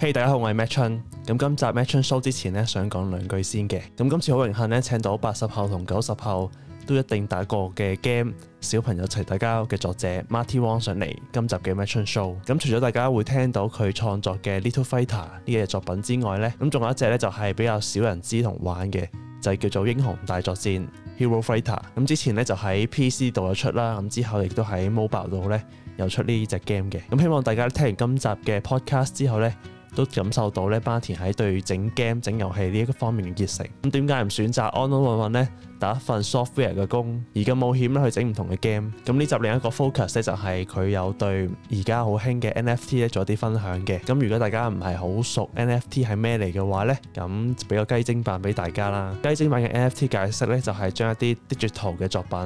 Hey 大家好，我係 madchun 咁今集 madchun show 之前呢，想講兩句先嘅。咁今次好榮幸呢，請到八十後同九十後都一定打過嘅 game 小朋友齊打交嘅作者 Marti Wong 上嚟今集嘅 madchun show。咁除咗大家會聽到佢創作嘅 Little Fighter 呢嘢作品之外呢，咁仲有一隻呢，就係比較少人知同玩嘅，就係叫做英雄大作戰 Hero Fighter。咁之前呢，就喺 PC 度有出啦，咁之後亦都喺 Mobile 度呢，有出呢隻 game 嘅。咁希望大家聽完今集嘅 podcast 之後呢。都感受到咧，Marti 喺對整 game 整遊戲呢一個方面嘅熱誠。咁點解唔選擇安安穩穩呢？打一份 software 嘅工，而家冒險咧去整唔同嘅 game？咁呢集另一個 focus 咧就係佢有對而家好興嘅 NFT 咧做啲分享嘅。咁如果大家唔係好熟 NFT 係咩嚟嘅話呢，咁俾個雞精版俾大家啦。雞精版嘅 NFT 解釋呢，就係將一啲 digital 嘅作品，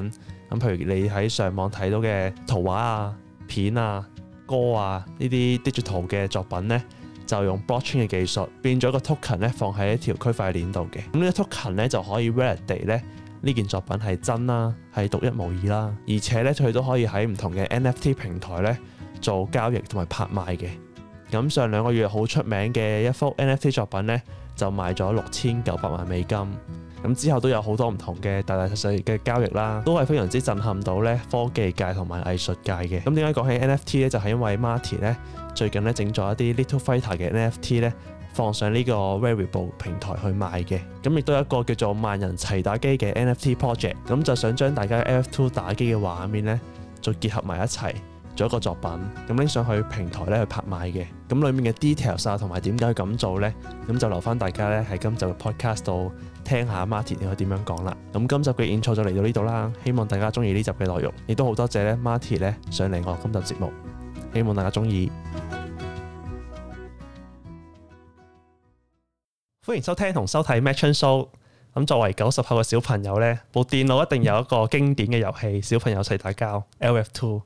咁譬如你喺上網睇到嘅圖畫啊、片啊、歌啊呢啲 digital 嘅作品呢。就用 blockchain 嘅技術變咗個 token 咧，放喺一條區塊鏈度嘅。咁呢個 token 咧就可以 verify 咧呢件作品係真啦，係獨一無二啦。而且咧佢都可以喺唔同嘅 NFT 平台咧做交易同埋拍賣嘅。咁上兩個月好出名嘅一幅 NFT 作品咧，就賣咗六千九百萬美金。咁之後都有好多唔同嘅大大小小嘅交易啦，都係非常之震撼到咧科技界同埋藝術界嘅。咁點解講起 NFT 咧，就係因為 Marti 咧最近咧整咗一啲 Little Fighter 嘅 NFT 咧放上呢個 Rarible 平台去賣嘅。咁亦都有一個叫做萬人齊打機嘅 NFT Project，咁就想將大家 LF2 打機嘅畫面咧再結合埋一齊。做一個作品咁拎上去平台咧去拍賣嘅，咁裡面嘅 details 同埋點解要咁做呢？咁就留翻大家咧喺今集嘅 podcast 度聽下 Marti 佢點樣講啦。咁今集嘅 intro 就嚟到呢度啦，希望大家中意呢集嘅內容，亦都好多謝咧 Marti 咧上嚟我今集節目，希望大家中意。歡迎收聽同收睇 madchun SHOW。咁作為九十後嘅小朋友呢，部電腦一定有一個經典嘅遊戲，小朋友一齊打交，LF Two。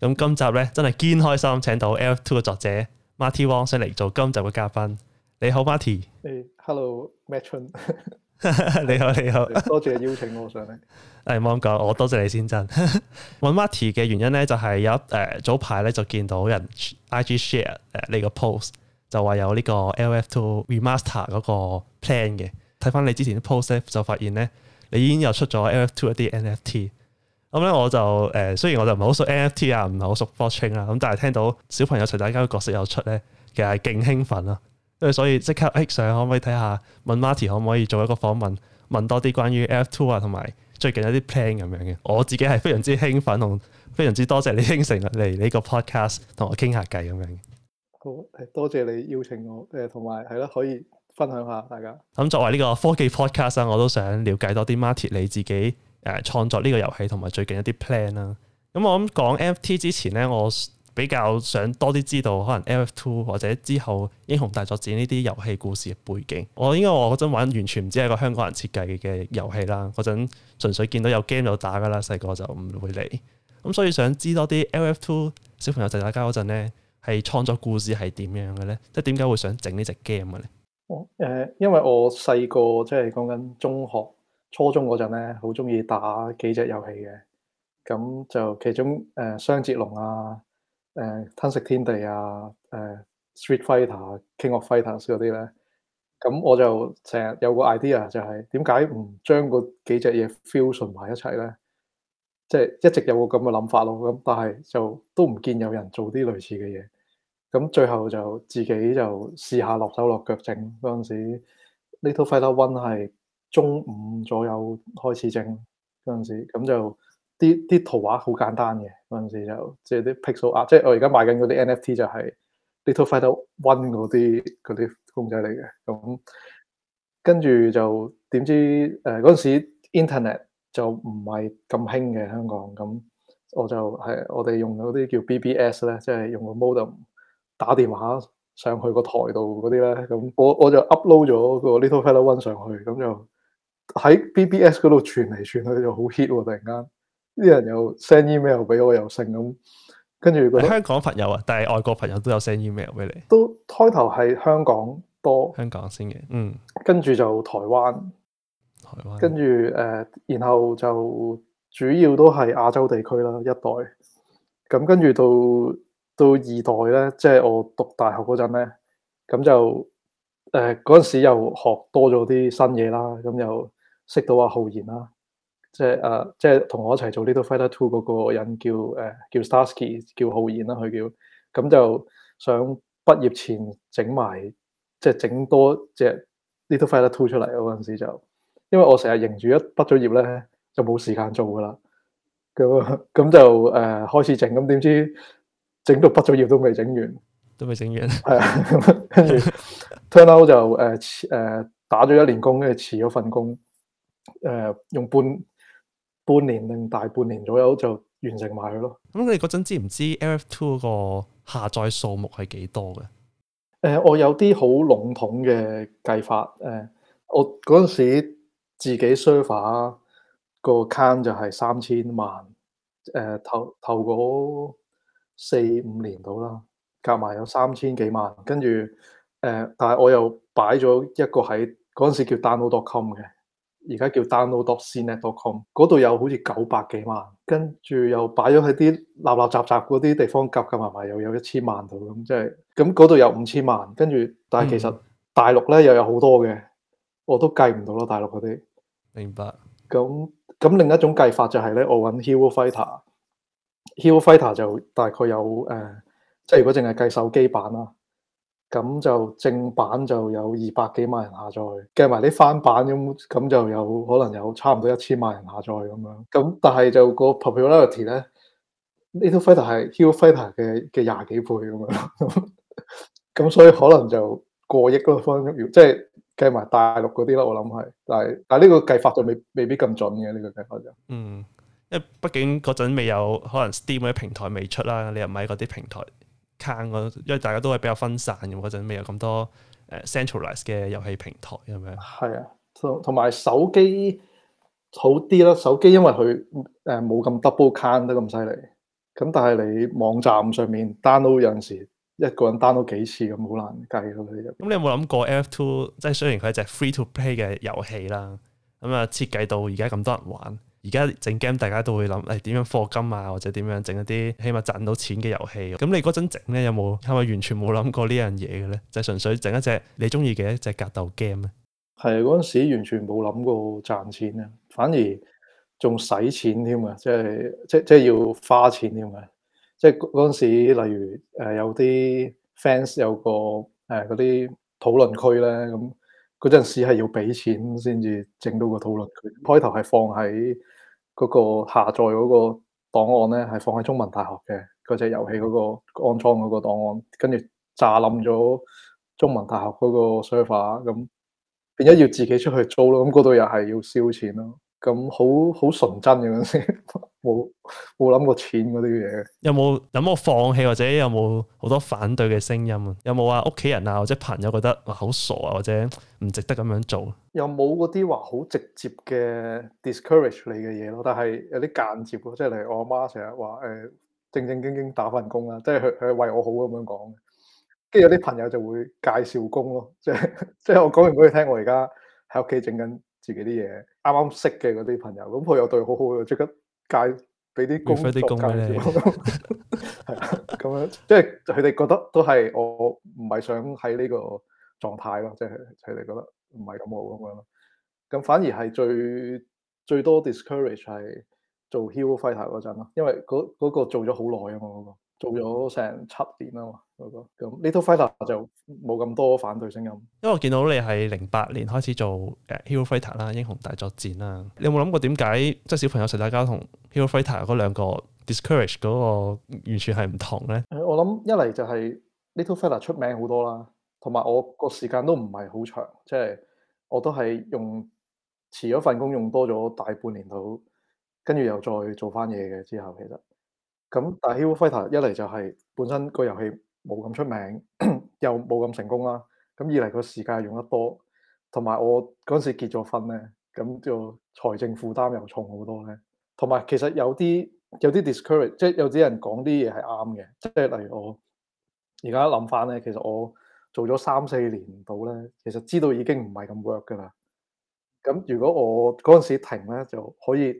咁今集咧真係堅開心，請到 L F Two 嘅作者 Marty Wong 上嚟做今集嘅嘉賓。你好，Marty。誒、hey，Hello，madchun。 你好，你好。多謝邀請我上嚟。誒、哎，唔好咁講，我多謝你先真。搵 Marty 嘅原因咧，就係、是、有誒、呃、早排咧就見到人 I G share 誒、呃、你個 post，就話有呢個 L F Two Remaster 嗰個 plan 嘅。睇翻你之前啲 post 呢就發現咧，你已經又出咗 L F Two 一啲 N F T。咁咧、嗯，我就誒，雖然我就唔係好熟 NFT 啊，唔係好熟 Fortune 啊，咁但係聽到小朋友齊打交嘅角色又出咧，其實係勁興奮咯。因、嗯、為所以即刻 hit 誒，上可唔可以睇下問 Marti 可唔可以做一個訪問，問多啲關於 LF2 啊，同埋最近一啲 plan 咁樣嘅。我自己係非常之興奮，同、啊、非常之多謝你應承嚟呢個 podcast 同我傾下偈咁樣。啊、好，誒多謝你邀請我，誒同埋係咯，可以分享下大家。咁、嗯、作為呢個科技 podcast 啊，我都想了解多啲 Marti 你自己。誒、啊、創作呢個遊戲同埋最近一啲 plan 啦。咁、嗯、我諗講 NFT 之前呢，我比較想多啲知道可能 LF2 或者之後《英雄大作戰》呢啲遊戲故事嘅背景。我應該我嗰陣玩完全唔知係個香港人設計嘅遊戲啦。嗰陣純粹見到有 game 就打噶啦，細個就唔會嚟。咁、嗯、所以想知多啲 LF2 小朋友仔打交嗰陣咧，係創作故事係點樣嘅呢？即係點解會想整呢隻 game 嘅呢？我、哦呃、因為我細個即係講緊中學。初中嗰陣咧，好中意打幾隻遊戲嘅，咁就其中誒、呃、雙截龍啊、誒、呃、吞食天地啊、誒、呃、Street Fighter、King of Fighters 嗰啲咧，咁我就成日有個 idea 就係點解唔將嗰幾隻嘢 feel 順埋一齊咧？即、就、係、是、一直有個咁嘅諗法咯。咁但係就都唔見有人做啲類似嘅嘢。咁最後就自己就試，試下落手落腳整嗰陣時，Little Fighter One 係。中午左右開始整嗰陣時，咁就啲啲圖畫好簡單嘅嗰陣時就、就是、art，即係啲 pixel 啊，即係我而家賣緊嗰啲 NFT 就係 Little Fighter One 嗰啲啲公仔嚟嘅，咁跟住就點知誒嗰陣時 Internet 就唔係咁興嘅香港，咁我就係我哋用嗰啲叫 BBS 咧，即係用個 modem 打電話上去個台度嗰啲咧，咁我我就 upload 咗個 Little Fighter One 上去，咁就。喺 BBS 嗰度傳嚟傳去就好 hit 喎，突然間啲人又 send email 俾我又盛咁，跟住香港朋友啊，但係外國朋友都有 send email 俾你。都開頭係香港多，香港先嘅，嗯，跟住就台灣，台灣、啊，跟住誒、呃，然後就主要都係亞洲地區啦，一代。咁跟住到到二代咧，即係我讀大學嗰陣咧，咁就誒嗰陣時又學多咗啲新嘢啦，咁又。識到阿浩然啦，即係誒、呃，即係同我一齊做 Little Fighter Two 嗰個人叫誒、呃、叫 Stasky，叫浩然啦，佢叫咁就想畢業前整埋，即係整多隻 Little Fighter Two 出嚟嗰陣時就，因為我成日迎住一畢咗業咧就冇時間做㗎喇，咁咁就誒、呃、開始整，咁點知整到畢咗業都未整完，都未整完，係跟住 turn out 就誒誒、呃呃、打咗一年工，跟住辭咗份工。誒、呃，用半半年定大半年左右就完成埋佢咯。咁、嗯、你嗰陣知唔知 LF2 個下載數目係幾多嘅？誒、呃，我有啲好籠統嘅計法。誒、呃，我嗰陣時自己 server 個 count 就係三千萬。誒、呃，投投四五年到啦，夾埋有三千幾萬。跟住，誒、呃，但係我又擺咗一個喺嗰陣時叫 download.com 嘅。而家叫 download.cnet.com，嗰度有好似九百幾萬，跟住又擺咗喺啲立立雜雜嗰啲地方夾夾埋埋，又有一千萬度。咁，即係咁嗰度有五千萬，跟住但係其實大陸咧又有好多嘅，我都計唔到咯，大陸嗰啲。明白。咁咁另一種計法就係、是、咧，我揾 Hero Fighter，Hero Fighter 就大概有誒、呃，即係如果淨係計手機版啦。咁就正版就有二百幾萬人下載，計埋啲翻版咁，咁就有可能有差唔多一千萬人下載咁樣。咁但係就個 popularity 咧，Little Fighter 係 Hero Fighter 嘅嘅廿幾倍咁樣。咁 所以可能就過億咯，反正即係計埋大陸嗰啲啦。我諗係，但係但係呢個計法就未未必咁準嘅呢、呢個計法就。嗯，因為畢竟嗰陣未有可能 Steam 喺平台未出啦，你又唔喺嗰啲平台。c a 因為大家都係比較分散咁，嗰陣未有咁多誒 centralized 嘅遊戲平台咁樣。係啊，同埋手機好啲啦，手機因為佢誒冇咁 double can 得咁犀利。咁但係你網站上面 download 有陣時一個人 download 幾次咁，好難計咁你，你有冇諗過 F2，即係雖然佢係隻 free to play 嘅遊戲啦，咁啊設計到而家咁多人玩？而家整 game 大家都會諗，誒、哎、點樣課金啊，或者點樣整一啲起碼賺到錢嘅遊戲。咁你嗰陣整咧有冇係咪完全冇諗過呢樣嘢嘅咧？就純、是、粹整一隻你中意嘅一隻格鬥 game 咧？係嗰陣時完全冇諗過賺錢啊，反而仲使錢添啊，即係即即係要花錢添啊。即係嗰陣時，例如誒、呃、有啲 fans 有個誒嗰啲討論區咧，咁嗰陣時係要俾錢先至整到個討論區。開頭係放喺。嗰個下載嗰個檔案咧，係放喺中文大學嘅嗰隻遊戲嗰個、那個、安裝嗰個檔案，跟住炸冧咗中文大學嗰個 server，咁變咗要自己出去租咯，咁嗰度又係要燒錢咯。咁好好純真咁樣先，冇冇諗過錢嗰啲嘢。有冇有冇放棄或者有冇好多反對嘅聲音有有啊？有冇話屋企人啊或者朋友覺得好傻啊或者唔值得咁樣做？有冇嗰啲話好直接嘅 discourage 你嘅嘢咯，但係有啲間接咯，即係例如我阿媽成日話，誒，正正經經打份工啦，即係佢佢為我好咁樣講。跟住有啲朋友就會介紹工咯，即係即係我講完俾佢聽，我而家喺屋企整緊。自己啲嘢，啱啱識嘅嗰啲朋友，咁佢又對好好，又即刻介俾啲工作介紹，係啊，咁樣，即係佢哋覺得都係我唔係想喺呢個狀態咯，即係佢哋覺得唔係咁好咁樣咯。咁反而係最最多 discourage 係做 Hero Fighter 嗰陣咯，因為嗰、嗰個嗰個做咗好耐啊嘛嗰個做咗成七年啊嘛，咁 Little Fighter 就冇咁多反對聲音。因為我見到你係零八年開始做誒 Hero Fighter 啦，英雄大作戰啦，你有冇諗過點解即係小朋友齊打交同 Hero Fighter 嗰兩個 discourage 嗰個完全係唔同咧？我諗一嚟就係 Little Fighter 出名好多啦，同埋我個時間都唔係好長，即係我都係用辭咗份工用多咗大半年度，跟住又再做翻嘢嘅之後，其實。咁但係 Hero Fighter》一嚟就係本身個遊戲冇咁出名， 又冇咁成功啦。咁二嚟個時間用得多，同埋我嗰陣時結咗婚咧，咁就財政負擔又重好多咧。同埋其實有啲有啲 discourage，即係有啲人講啲嘢係啱嘅，即係例如我而家諗翻咧，其實我做咗三四年到咧，其實知道已經唔係咁 work 噶啦。咁如果我嗰陣時停咧，就可以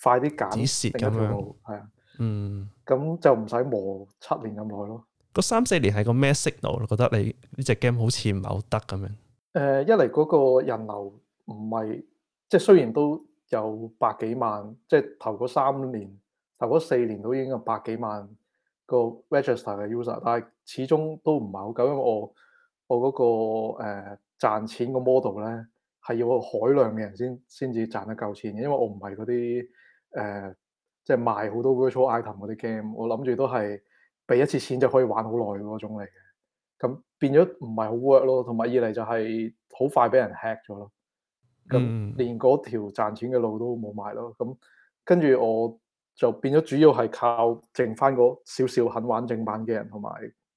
快啲減。止蝕蠍咁樣，係啊。嗯，咁就唔使磨七年咁耐咯。嗰三四年係個咩 signal？我覺得你呢隻 game 好似唔係好得咁樣。誒、呃，一嚟嗰個人流唔係，即係雖然都有百幾萬，即係頭嗰三年、頭嗰四年都已經有百幾萬個 register 嘅 user，但係始終都唔係好夠，因為我我嗰、嗰個誒賺、呃、錢個 model 咧係要海量嘅人先先至賺得夠錢嘅，因為我唔係嗰啲誒。呃即係賣好多 virtual item 嗰啲 game，我諗住都係俾一次錢就可以玩好耐嗰種嚟嘅，咁變咗唔係好 work 咯。同埋二嚟就係好快俾人 hack 咗咯，咁連嗰條賺錢嘅路都冇埋咯。咁跟住我就變咗主要係靠剩返嗰少少肯玩正版嘅人同埋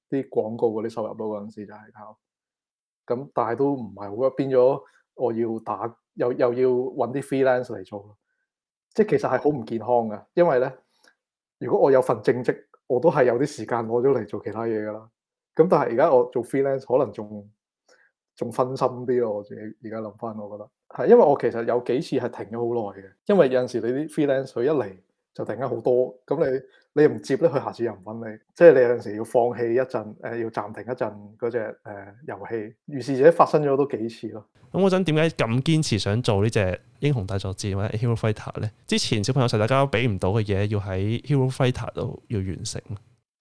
啲廣告嗰啲收入咯。嗰陣時就係靠，咁但係都唔係好 work，變咗我要打又又要搵啲 freelance 嚟做。即係其實係好唔健康嘅，因為咧，如果我有份正職，我都係有啲時間攞咗嚟做其他嘢噶啦。咁但係而家我做 freelance 可能仲仲分心啲咯。我自己而家諗翻，我覺得係，因為我其實有幾次係停咗好耐嘅，因為有陣時你啲 freelance 佢一嚟。就突然間好多，咁你你唔接咧，佢下次又唔揾你，即係你有陣時要放棄一陣，誒、呃、要暫停一陣嗰隻誒遊戲。如是者發生咗都幾次咯。咁嗰陣點解咁堅持想做呢隻英雄大作戰或者 Hero Fighter 咧？之前小朋友齊打交俾唔到嘅嘢，要喺 Hero Fighter 度要完成。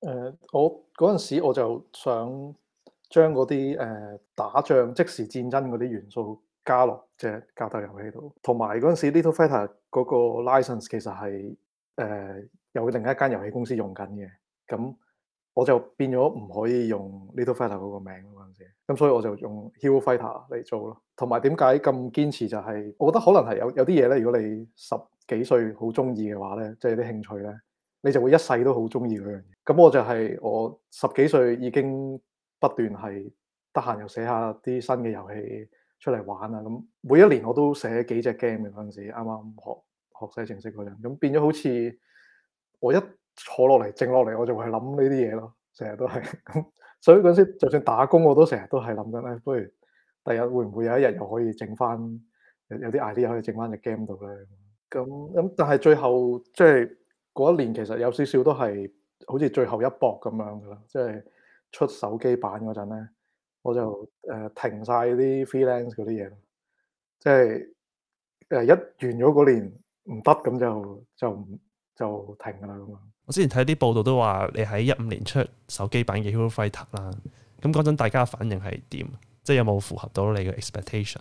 誒，我嗰陣時我就想將嗰啲誒打仗即時戰爭嗰啲元素加落隻格鬥遊戲度，同埋嗰陣時 Little Fighter 嗰個 license 其實係。誒、呃，有另一間遊戲公司用緊嘅，咁我就變咗唔可以用 Little Fighter 嗰個名嗰陣時，咁所以我就用 Hero Fighter 嚟做咯。同埋點解咁堅持就係、是，我覺得可能係有有啲嘢咧，如果你十幾歲好中意嘅話咧，即係有啲興趣咧，你就會一世都好中意嗰樣嘢。咁我就係、是、我十幾歲已經不斷係得閒又寫下啲新嘅遊戲出嚟玩啊。咁每一年我都寫幾隻 game 嘅嗰陣時，啱啱學。學晒程式嗰陣，咁變咗好似我一坐落嚟，靜落嚟，我就會諗呢啲嘢咯，成日都係。咁 所以嗰陣時，就算打工我，我都成日都係諗緊咧。不如第日會唔會有一日又可以整翻有啲 idea 可以整翻隻 game 度咧？咁咁，但係最後即係嗰一年，其實有少少都係好似最後一搏咁樣噶啦。即係出手機版嗰陣咧，我就誒、呃、停晒啲 freelance 嗰啲嘢咯。即係誒一完咗嗰年。唔得，咁就就唔，就停噶啦咁啊。我之前睇啲報道都話你喺一五年出手機版嘅《Hero Fighter》啦，咁嗰陣大家反應係點？即係有冇符合到你嘅 expectation？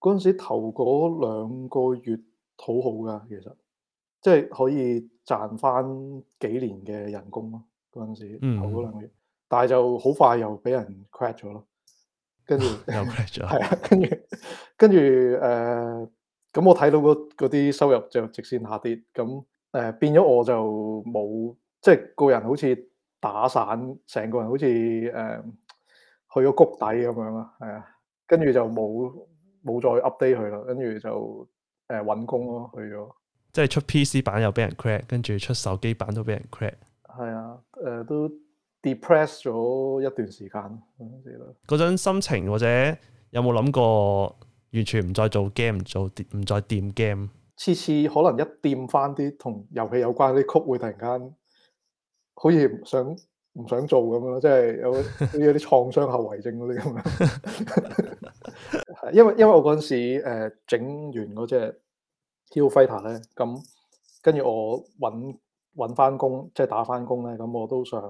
嗰陣時頭嗰兩個月好好噶，其實即係可以賺翻幾年嘅人工咯。嗰陣時頭嗰兩個月，嗯、但係就好快又俾人 crack 咗咯。跟住 又 crack 咗，係啊！跟住跟住誒。呃咁我睇到嗰啲收入就直線下跌，咁誒、呃、變咗我就冇，即係個人好似打散，成個人好似誒、呃、去咗谷底咁樣啦，係啊，跟住就冇冇再 update 佢啦，跟住就誒揾、呃、工咯，去咗。即係出 PC 版又俾人 crack，跟住出手機版 ack,、呃、都俾人 crack。係啊，誒都 depress 咗一段時間。嗰陣心情，或者有冇諗過？完全唔再做 game，做唔再掂 game。次次可能一掂翻啲同遊戲有關啲曲，會突然間好似唔想唔想做咁樣，即係 有有啲創傷後遺症嗰啲咁樣。因為因為我嗰陣時整、呃、完嗰隻《Hero Fighter》咧，咁跟住我揾揾翻工，即係打翻工咧，咁我都想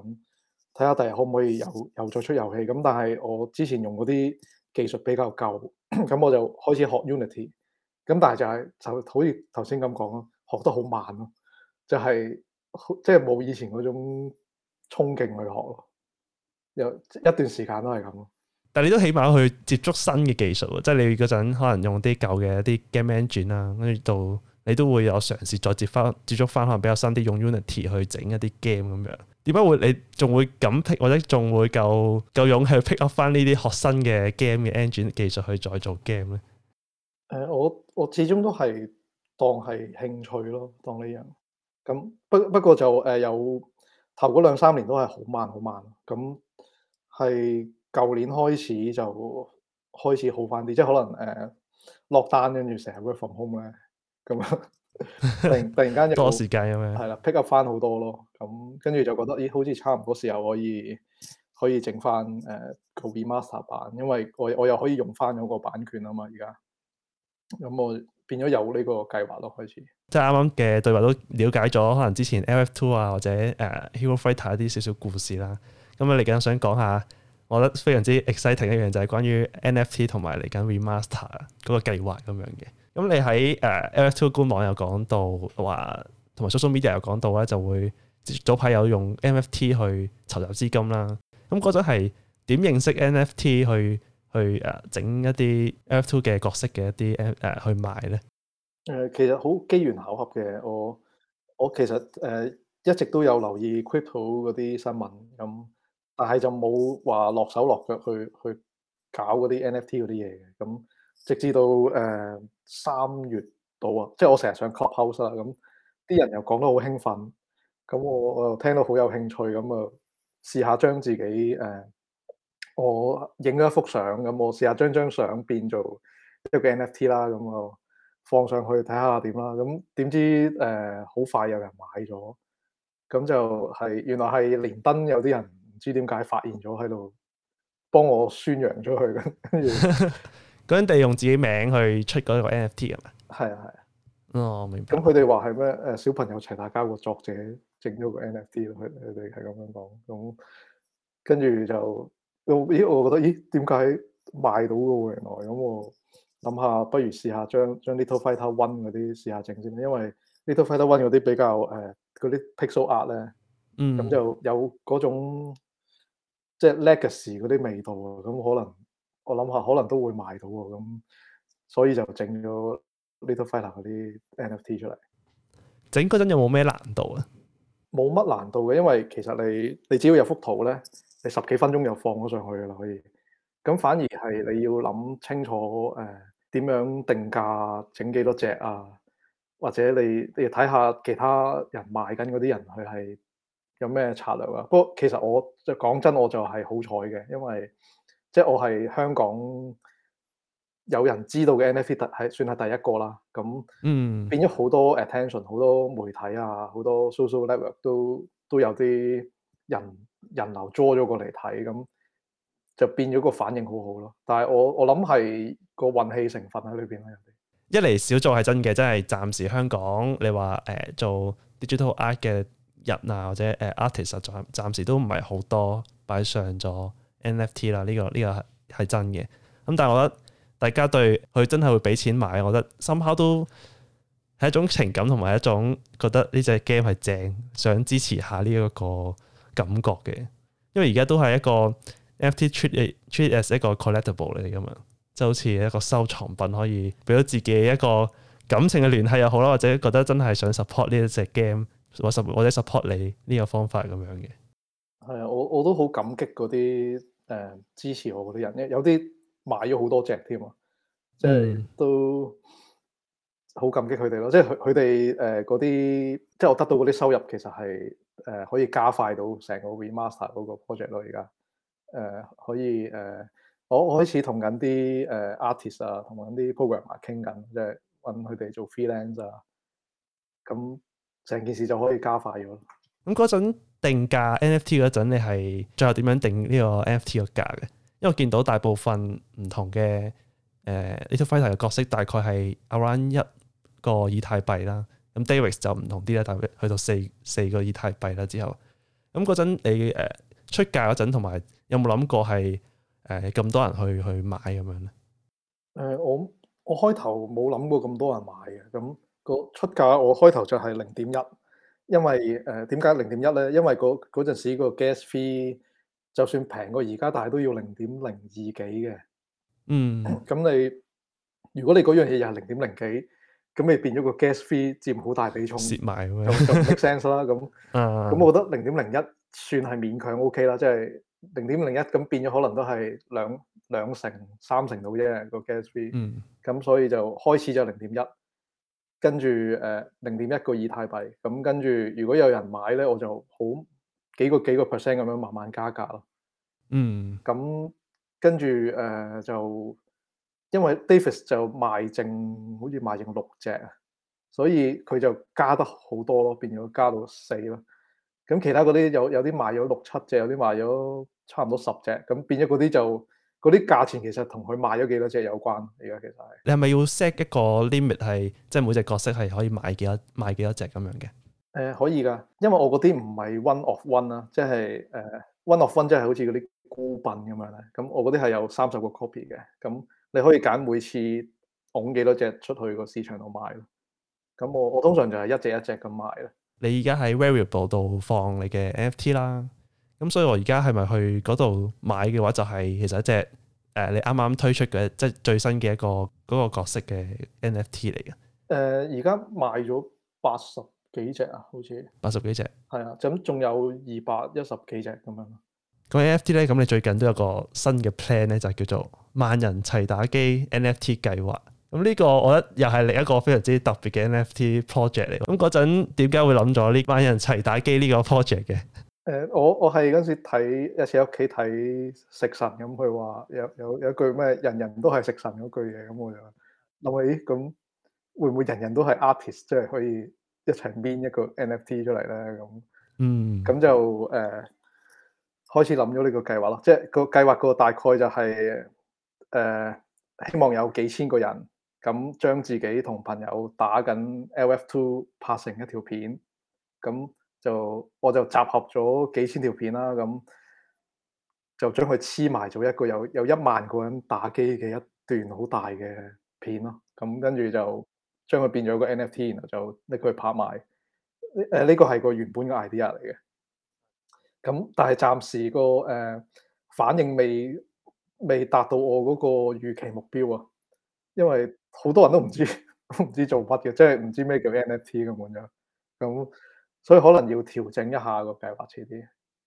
睇下第日，日可唔可以又又再出遊戲。咁但係我之前用嗰啲。技術比較舊，咁 我就開始學 Unity，咁但係就係、是、就好似頭先咁講咯，學得好慢咯，就係即係冇以前嗰種衝勁去學咯，有一段時間都係咁咯。但係你都起碼去接觸新嘅技術，即係你嗰陣可能用啲舊嘅一啲 game engine 啦，跟住到你都會有嘗試再接翻接觸翻可能比較新啲，用 Unity 去整一啲 game 咁樣。點解會你仲會咁剔，或者仲會夠夠勇氣去 pick up 翻呢啲學生嘅 game 嘅 engine 技術去再做 game 咧？誒、呃，我我始終都係當係興趣咯，當呢樣咁不不過就誒、呃、有頭嗰兩三年都係好慢好慢，咁係舊年開始就開始好翻啲，即係可能誒、呃、落單跟住成日 work from home 咧咁。 突然突然間多時間咁樣，係啦，pick up 翻好多咯，咁跟住就覺得咦，好似差唔多時候可以可以整翻誒個 remaster 版，因為我我又可以用翻嗰個版權啊嘛，而家咁我變咗有呢個計劃咯，開始即係啱啱嘅對話都了解咗，可能之前 LF Two 啊或者誒、呃、Hero Fighter 一啲少少故事啦，咁啊嚟緊想講下，我覺得非常之 exciting 一、就是、樣就係關於 NFT 同埋嚟緊 remaster 嗰個計劃咁樣嘅。咁你喺誒 LF2 官網又講到話，同埋 social media 又講到咧，就會早排有用 NFT 去籌集資金啦。咁嗰陣係點認識 NFT 去去誒整一啲 LF2 嘅角色嘅一啲誒 NFT 去賣咧？誒、呃，其實好機緣巧合嘅，我我其實誒、呃、一直都有留意 crypto 嗰啲新聞，咁但係就冇話落手落腳去去搞嗰啲 NFT 嗰啲嘢嘅，咁。直至到誒、呃、三月度啊，即係我成日上 Clubhouse 啦，咁啲人又講得好興奮，咁我我又聽到好有興趣，咁啊試下將自己誒、呃、我影咗一幅相，咁我試下將張相變做一個 NFT 啦，咁我放上去睇下點啦，咁點知誒好、呃、快有人買咗，咁就係、是、原來係連登有啲人唔知點解發現咗喺度幫我宣揚出去嘅。 咁佢哋用自己名去出嗰個 NFT 啊？係啊，係啊，哦明白。咁佢哋話係咩？誒、呃，小朋友齊打交個作者整咗個 NFT 咯，佢佢哋係咁樣講。咁跟住就，咦？我覺得咦，點解賣到嘅喎？原來咁我諗下，不如試下將將 Little Fighter One 嗰啲試下整先。因為 Little Fighter One 嗰啲比較誒，嗰啲 pixel 壓咧，art 呢，嗯，咁就有嗰種即係、就是、legacy 嗰啲味道啊。咁可能。我諗下，可能都會賣到喎，咁所以就整咗 Little Fighter 嗰啲 NFT 出嚟。整嗰陣有冇咩難度啊？冇乜難度嘅，因為其實你你只要有幅圖咧，你十幾分鐘又放咗上去噶啦，可以。咁反而係你要諗清楚，誒、呃、點樣定價，整幾多隻啊？或者你你要睇下其他人賣緊嗰啲人，佢係有咩策略啊？不過其實我就講真，我就係好彩嘅，因為。即係我係香港有人知道嘅 NFT 係算係第一個啦，咁變咗好多 attention，好多媒體啊，好多 social network 都都有啲人人流咗咗過嚟睇，咁就變咗個反應好好咯。但係我我諗係個運氣成分喺裏邊咯。一嚟小做係真嘅，即係暫時香港你話誒、呃、做 digital art 嘅人啊，或者誒 artist 暫、啊、暫時都唔係好多擺上咗。NFT 啦、呢個，呢、呢個呢個係係真嘅。咁但係我覺得大家對佢真係會俾錢買，我覺得 somehow 都係一種情感同埋一種覺得呢隻 game 係正，想支持下呢一個感覺嘅。因為而家都係一個 NFT treat it, treat as 一個 collectible 嚟㗎嘛，即係、好似一個收藏品，可以俾到自己一個感情嘅聯繫又好啦，或者覺得真係想 support 呢一隻 game，或者 support 你呢個方法咁樣嘅。係啊，我我都好感激嗰啲。誒支持我嗰啲人咧，有啲買咗好多隻添喎、嗯，即係都好感激佢哋咯。即係佢佢哋誒嗰啲，即係我得到嗰啲收入，其實係誒、呃、可以加快到成個 remaster 嗰個 project 咯。而家誒可以誒、呃，我開始同緊啲誒 artist 啊，同埋啲 programmer 傾緊，即係揾佢哋做 freelance 啊。咁成件事就可以加快咗。咁嗰陣。定價 NFT 嗰陣，你係最後點樣定呢個 NFT 個價嘅？因為見到大部分唔同嘅誒、呃、，Little Fighter 嘅角色大概係 around 一個以太幣啦。咁、嗯、Davis 就唔同啲啦，大概去到四四個以太幣啦。之後咁嗰陣你誒、呃、出價嗰陣，同埋有冇諗過係誒咁多人去去買咁樣咧？誒、呃，我我開頭冇諗過咁多人買嘅。咁、那個出價我開頭就係零點一。因為誒點解零點一咧？因為嗰嗰陣時個 gas fee 就算平過而家，但係都要零點零二幾嘅。嗯，咁你如果你嗰樣嘢又係零點零幾，咁你變咗個 gas fee 佔好大比重，蝕埋咁就，就唔 make sense 啦。咁咁， 我覺得零點零一算係勉強 OK 啦，即係零點零一咁變咗可能都係兩兩成三成到啫、個 gas fee。嗯，咁所以就開始就零點一。跟住誒零點一個以太幣，咁跟住如果有人買咧，我就好幾個幾個 percent 咁樣慢慢加價咯。嗯，咁跟住誒、呃、就因為 Davis 就賣剩好似賣剩六隻，所以佢就加得好多咯，變咗加到四咯。咁其他嗰啲有有啲賣咗六七隻，有啲賣咗差唔多十隻，咁變咗嗰啲就。嗰啲價錢其實同佢賣咗幾多隻有關，而家其實係你係咪要 set 一個 limit 係即係每隻角色係可以賣幾多賣幾多隻咁樣嘅？誒、呃、可以㗎，因為我嗰啲唔係 one of one 啦、就是，即係誒 one of one 即係好似嗰啲孤品咁樣咧。咁我嗰啲係有三十個 copy 嘅。咁你可以揀每次拱幾多隻出去個市場度賣咯。咁我我通常就係一隻一隻咁賣啦。你而家喺 Rarible 度放你嘅 NFT 啦。咁、嗯、所以我而家係咪去嗰度買嘅話，就係、是、其實一隻誒、呃，你啱啱推出嘅即係最新嘅一個嗰、那個角色嘅 NFT 嚟嘅。誒、呃，而家賣咗八十幾隻啊，好似八十幾隻，係啊，咁仲有二百一十幾隻咁樣。咁 NFT 咧，咁你最近都有個新嘅 plan 咧，就是、叫做萬人齊打機 NFT 計劃。咁呢個我覺得又係另一個非常之特別嘅 NFT project 嚟。咁嗰陣點解會諗咗、這個、呢萬人齊打機呢個 project 嘅？誒、uh，我我係嗰時睇，有時喺屋企睇食神咁，佢、嗯、話有有有一句咩，人人都係食神嗰句嘢，咁、嗯、我就諗起，咦、嗯，咁會唔會人人都係 artist，即係可以一齊編一個 NFT 出嚟咧？咁，嗯，咁就誒、呃，開始諗咗呢個計劃咯。即係個計劃個大概就係、是、誒、呃，希望有幾千個人咁將自己同朋友打緊 LF two 拍成一條片，咁。就我就集合咗幾千條片啦，咁就將佢黐埋咗一個有有一萬個人打機嘅一段好大嘅片咯。咁跟住就將佢變咗個 NFT，然後就拎佢拍賣。誒、呃，呢個係個原本嘅 idea 嚟嘅。咁但係暫時、嗰個誒、呃、反應未未達到我嗰個預期目標啊。因為好多人都唔知唔 知做乜嘅，即係唔知咩叫 NFT 咁樣咁。所以可能要調整一下個計劃遲啲，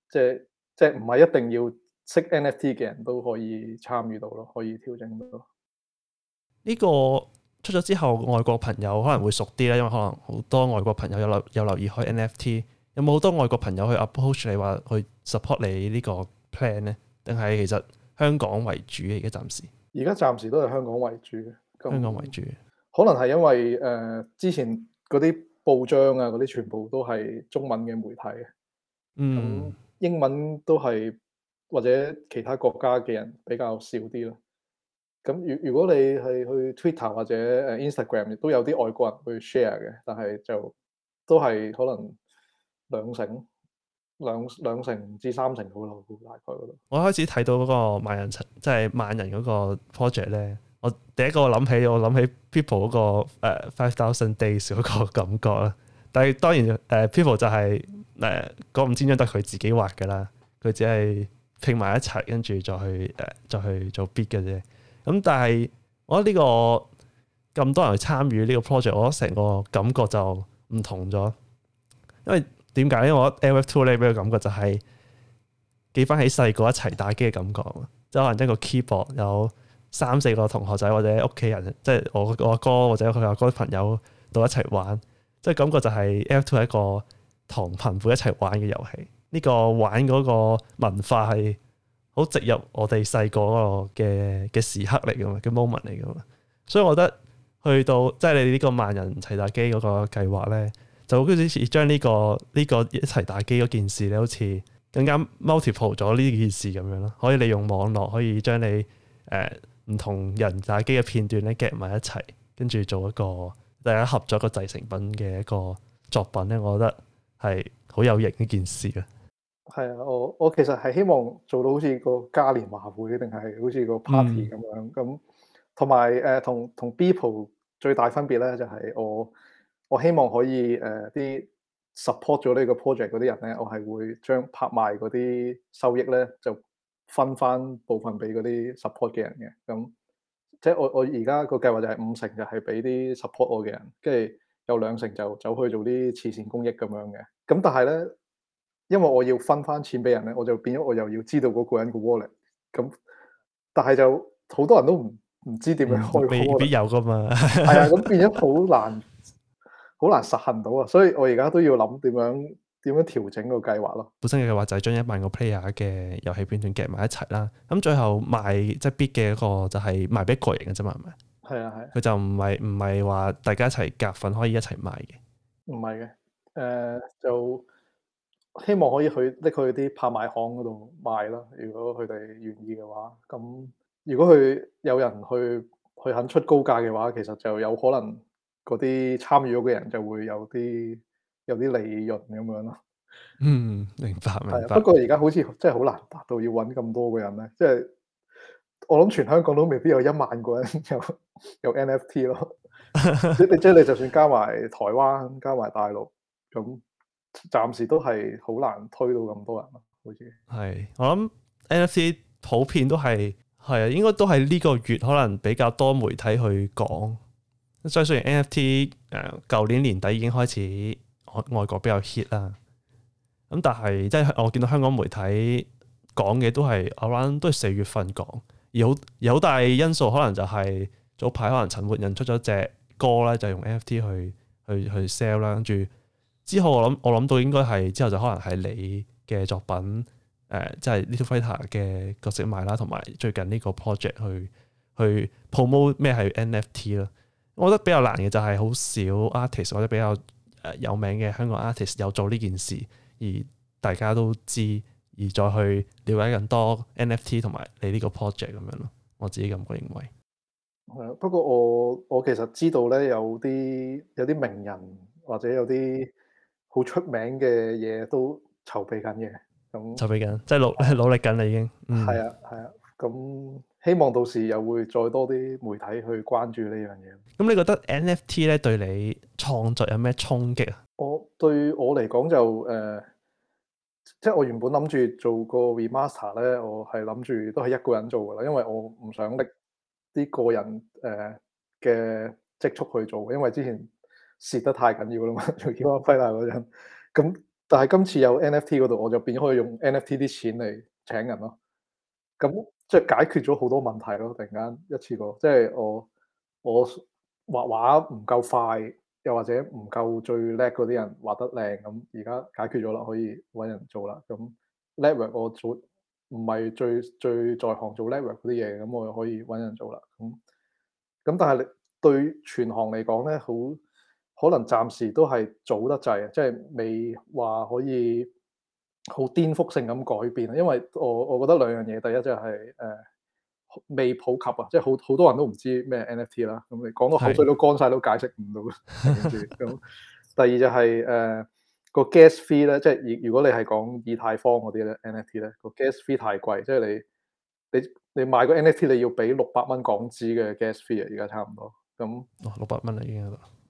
即係即係唔係一定要識 NFT 嘅人都可以參與到咯，可以調整到。呢個出咗之後，外國朋友可能會熟啲啦，因為可能好多外國朋友有留有留意開 NFT，有冇好多外國朋友去 approach 你話去 support 你個呢個 plan 咧？定係其實香港為主而家暫時，而家暫時都係香港為主嘅，香港為主，可能係因為誒、呃、之前嗰啲。報章啊，嗰啲全部都係中文嘅媒體嘅，嗯，咁英文都係或者其他國家嘅人比較少啲咯。咁如如果你係去 Twitter 或者誒 Instagram，亦都有啲外國人去 share 嘅，但係就都係可能兩成兩兩成至三成嘅 level，大概嗰度。我開始睇到嗰個萬人即係萬人嗰個 project 咧。我第一個諗起，我諗起 People 嗰個誒 Five Thousand Days 嗰個感覺啦。但係當然誒，People 就係誒嗰五千張得佢自己畫噶啦，佢只係拼埋一齊，跟住再去誒再去做 bid 嘅啫。咁但係我覺得呢個咁多人去參與呢個 project，我覺得成個感覺就唔同咗。因為點解咧？我覺得 LF Two 咧俾嘅感覺就係、是、記翻起細個一齊打機嘅感覺，即係可能一個 keyboard 有。三四個同學仔或者屋企人，即、就、係、是、我個阿哥或者佢阿哥啲朋友到一齊玩，即、就、係、是、感覺就係《LF2》係一個同朋輩一齊玩嘅遊戲。呢、這個玩嗰個文化係好植入我哋細個嗰嘅嘅時刻嚟噶嘛，嘅 moment 嚟噶嘛。所以我覺得去到即係、就是、你哋、這、呢個萬人齊打機嗰、那個計劃咧，就好似將呢個呢、這個一齊打機嗰件事，你好似更加 multiple 咗呢件事咁樣咯。可以利用網絡，可以將你誒，呃唔同人打機嘅片段咧夾埋一齊，跟住做一個大家合作個製成品嘅一個作品咧，我覺得係好有型呢件事啊！係啊，我我其實係希望做到好似個嘉年華會定係好似個 party 咁樣咁。同埋誒同同 B 鋪最大分別咧就係、是、我我希望可以誒啲 support 咗呢個 project 嗰啲人咧，我係會將拍賣嗰啲收益咧就。分翻部分俾嗰啲 support 嘅人嘅，咁即係我我而家個計劃就係五成就係俾啲 support 我嘅人，跟住有兩成就走去做啲慈善公益咁樣嘅。咁但係咧，因為我要分翻錢俾人咧，我就變咗我又要知道嗰個人嘅 wallet。咁但係就好多人都唔唔知點樣開。未必有噶嘛？係啊，咁變咗好難，好 難實行到啊！所以我而家都要諗點樣。點樣調整個計劃咯？本身嘅計劃就係將一萬個 player 嘅遊戲片段夾埋一齊啦。咁最後賣，即係 bid 嘅一個就係賣俾個人嘅啫，係咪？係啊的，係。佢就唔係唔係話大家一齊夾份可以一齊賣嘅。唔係嘅，誒、呃、就希望可以去拎去啲拍賣行嗰度賣咯。如果佢哋願意嘅話，咁如果佢有人去去肯出高價嘅話，其實就有可能嗰啲參與咗嘅人就會有啲。有啲利潤咁樣咯，嗯，明白明白。不過而家好似真係好難達到要，要搵咁多個人咧，即係我諗全香港都未必有一萬個人有有 NFT 咯。即係你就算加埋台灣，加埋大陸，咁暫時都係好難推到咁多人咯，好似。係，我諗 NFT 普遍都係係啊，應該都係呢個月可能比較多媒體去講。即係雖然 NFT 誒、呃，舊年年底已經開始。外國比較 hit 啦，咁但係即係我見到香港媒體講嘅都係 around 都係四月份講，有有好大因素可能就係早排可能陳奐仁出咗隻歌啦，就用 NFT 去去去 sell 啦。跟住之後我諗我諗到應該係之後就可能係你嘅作品誒，即、呃、係、就是、Little Fighter 嘅角色賣啦，同埋最近呢個 project 去去 promote 咩係 NFT 啦。我覺得比較難嘅就係好少 artist 或者比較。誒有名嘅香港 artist 有做呢件事，而大家都知，而再去了解更多 NFT 同埋你呢個 project 咁樣咯。我自己咁個認為。啊、嗯，不過我我其實知道咧，有啲有啲名人或者有啲好出名嘅嘢都籌備緊嘅。咁、嗯、籌備緊，即係努、嗯、努力緊，啦已經，係啊，係啊，咁。希望到時又會再多啲媒體去關注呢樣嘢。咁你覺得 NFT 咧對你創作有咩衝擊啊？我對我嚟講就誒、呃，即係我原本諗住做個 remaster 咧，我係諗住都係一個人做噶啦，因為我唔想拎啲個人誒嘅、呃、積蓄去做。因為之前蝕得太緊要啦嘛，做幾萬蚊嗰陣。咁 但係今次有 NFT 嗰度，我就變咗可以用 NFT 啲錢嚟請人咯。咁即係解決咗好多問題咯！突然間一次過，即係我我畫畫唔夠快，又或者唔夠最叻嗰啲人畫得靚咁，而家解決咗啦，可以揾人做啦。咁 layout 我做唔係最最在行做 layout 嗰啲嘢，咁我又可以揾人做啦。咁咁但係對全行嚟講咧，好可能暫時都係早得滯，即係未話可以。好顛覆性咁改變啊！因為我我覺得兩樣嘢，第一就係、是、誒、呃、未普及啊，即係好好多人都唔知咩 NFT 啦。咁你講到口水都乾晒，是都解釋唔到。咁 第二就係誒個 gas fee 咧，即係如果你係講以太坊嗰啲咧 NFT 咧個 gas fee 太貴，即係你你你買個 NFT 你要俾六百蚊港紙嘅 gas fee、哦、啊，而家差唔多咁。六百蚊啊，已經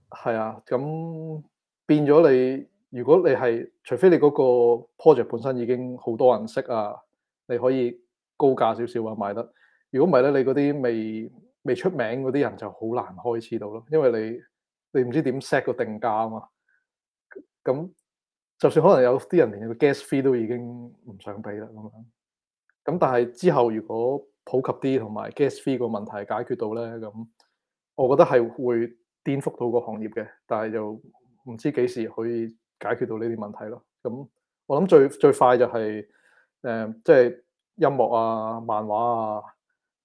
係係啊，咁變咗你。如果你係，除非你嗰個 project 本身已經好多人識啊，你可以高價少少啊買得。如果唔係咧，你嗰啲未未出名嗰啲人就好難開始到咯，因為你你唔知點 set 個定價啊嘛。咁就算可能有啲人連個 gas fee 都已經唔想俾啦咁樣。咁但係之後如果普及啲同埋 gas fee 個問題解決到咧，咁我覺得係會顛覆到個行業嘅，但係又唔知幾時可以，解決到呢啲問題咯。咁我諗最最快就係、是、誒、呃，即係音樂啊、漫畫啊、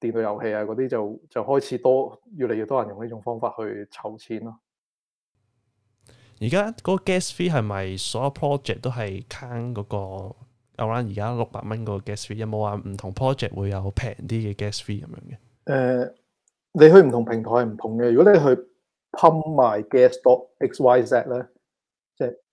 電腦遊戲啊嗰啲就就開始多，越嚟越多人用呢種方法去籌錢咯。而家嗰個 gas fee 係咪所有 project 都係 can 嗰個 around，而家六百蚊個 gas fee？有冇話唔同 project 會有平啲嘅 gas fee 咁樣嘅？誒、呃，你去唔同平台係唔同嘅。如果你去 pump my gas dot x y z 咧。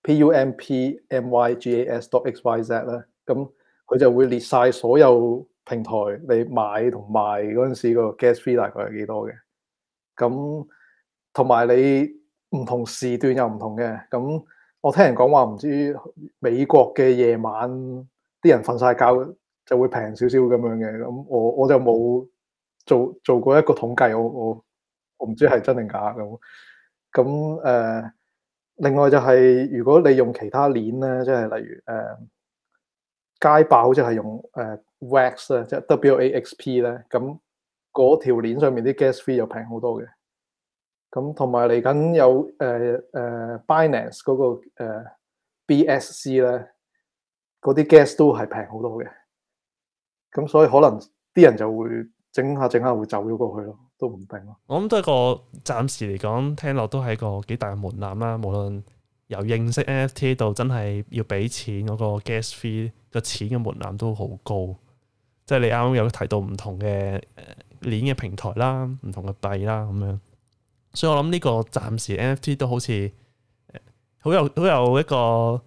P.U.M.P.M.Y.G.A.S. dot X.Y.Z 咧，咁佢就會列曬所有平台你買同賣嗰陣時個 gas fee 大概係幾多嘅。咁同埋你唔同時段又唔同嘅。咁我聽人講話唔知美國嘅夜晚啲人瞓曬覺就會平少少咁樣嘅。咁我我就冇做做過一個統計，我我我唔知係真定假咁。咁誒。另外就係如果你用其他鏈咧，即係例如誒、呃、街霸即係用誒、呃、Wax 啊，即係 WAXP 咧，咁條鏈上面啲 gas fee 又平好多嘅。咁同埋嚟緊有誒誒、呃呃、Binance、嗰個誒 BSC 咧，啲、呃、gas 都係平好多嘅。咁所以可能啲人就會整下整下會走咗過去咯。都唔定咯，我諗都係個暫時嚟講，聽落都係一個幾大嘅門檻啦。無論由認識 NFT 到真係要俾錢嗰個 gas fee 個錢嘅門檻都好高。即係你啱啱有提到唔同嘅鏈嘅平台啦，唔同嘅幣啦咁樣。所以我諗呢個暫時 NFT 都好似好有好有一個，好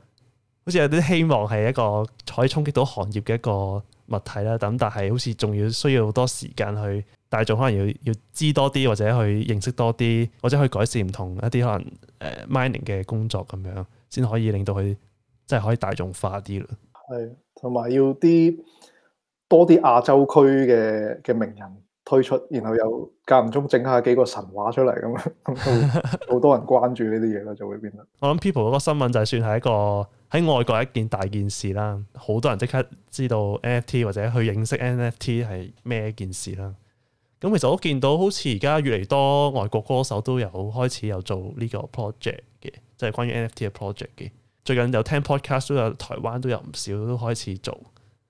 似有啲希望係一個可以衝擊到行業嘅一個物體啦。咁但係好似仲要需要好多時間去。大眾可能要要知多啲，或者去認識多啲，或者去改善唔同一啲可能誒、呃、mining 嘅工作咁樣，先可以令到佢即係可以大眾化啲啦。係，同埋要啲多啲亞洲區嘅嘅名人推出，然後又間唔中整下幾個神話出嚟咁樣，好多人關注呢啲嘢啦， 就會變啦。我諗 People 嗰個新聞就係算係一個喺外國一件大件事啦，好多人即刻知道 NFT 或者去認識 NFT 係咩一件事啦。咁其實我見到好似而家越嚟越多外國歌手都有開始有做呢個 project 嘅，即係關於 NFT 嘅 project 嘅。最近有聽 podcast 都有台灣都有唔少都開始做，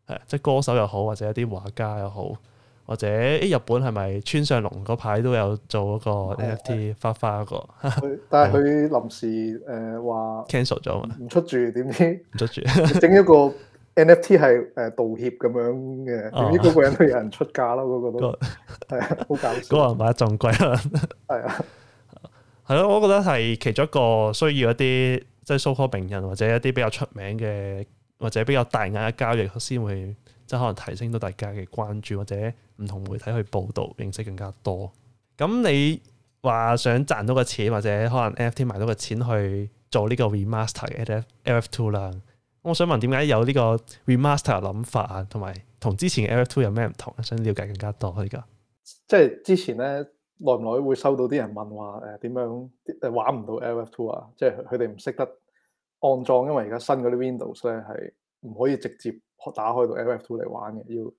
係即係歌手又好，或者一啲畫家又好，或者一、欸、日本係咪川上隆村上隆嗰排都有做嗰個 NFT 是花花嗰個？但係佢臨時誒話 cancel 咗嘛？唔出住點知唔出住？整一個。NFT 係誒道歉咁樣嘅，點知嗰個人都有人出價咯，嗰個都係啊，好搞笑。嗰個買得仲貴啦，係啊，係咯。我覺得係其中一個需要一啲即係 so call 名人或者一啲比較出名嘅，或者比較大額嘅交易，先會即係可能提升到大家嘅關注，或者唔同媒體去報道，認識更加多。咁你話想賺到個錢，或者可能 NFT 買到個錢去做呢個 remaster 嘅 LF two 啦。我想問點解有呢個 remaster 諗法啊，同埋同之前嘅 LF2 有咩唔同啊？想了解更加多、呢個。依家即係之前咧，耐唔耐會收到啲人問話誒，點樣誒玩唔到 LF2 啊？即係佢哋唔識得安裝，因為而家新嗰啲 Windows 咧係唔可以直接打開到 LF2 嚟玩嘅，要